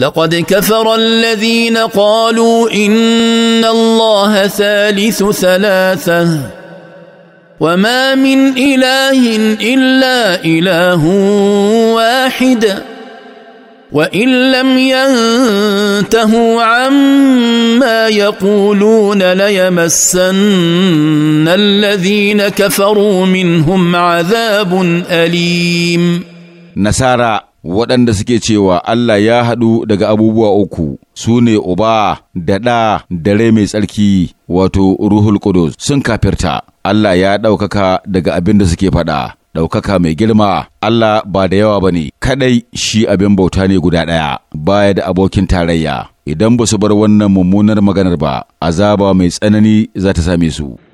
لقد كفر الذين قالوا ان الله ثالث ثلاثه وما من اله الا اله واحد وان لم ينتهوا عما يقولون ليمسن الذين كفروا منهم عذاب اليم نسارا waɗanda suke cewa Allah ya haɗu daga abubuwa uku su ne uba da ɗa da rai mai tsarki wato ruhul kudus sun kafirta Allah ya ɗaukaka daga abin da suke faɗa ɗaukaka mai girma Allah ba da yawa ba ne kaɗai shi abin bauta ne guda ɗaya baya da abokin tarayya idan ba su bar wannan mummunar maganar ba azaba mai tsanani za ta same su.